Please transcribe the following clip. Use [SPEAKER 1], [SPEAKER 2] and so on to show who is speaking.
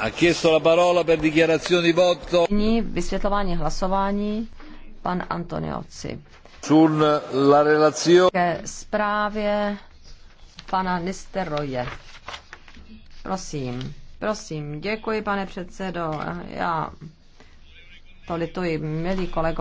[SPEAKER 1] Ha chiesto la parola per dichiarazione di voto.
[SPEAKER 2] vysvětlování hlasování pan Antoniozzi.
[SPEAKER 1] Sul
[SPEAKER 3] la relazione. Ke
[SPEAKER 2] zprávě pana Nisteroje.
[SPEAKER 4] Prosím, prosím, děkuji pane předsedo. Já to lituji, milí kolego.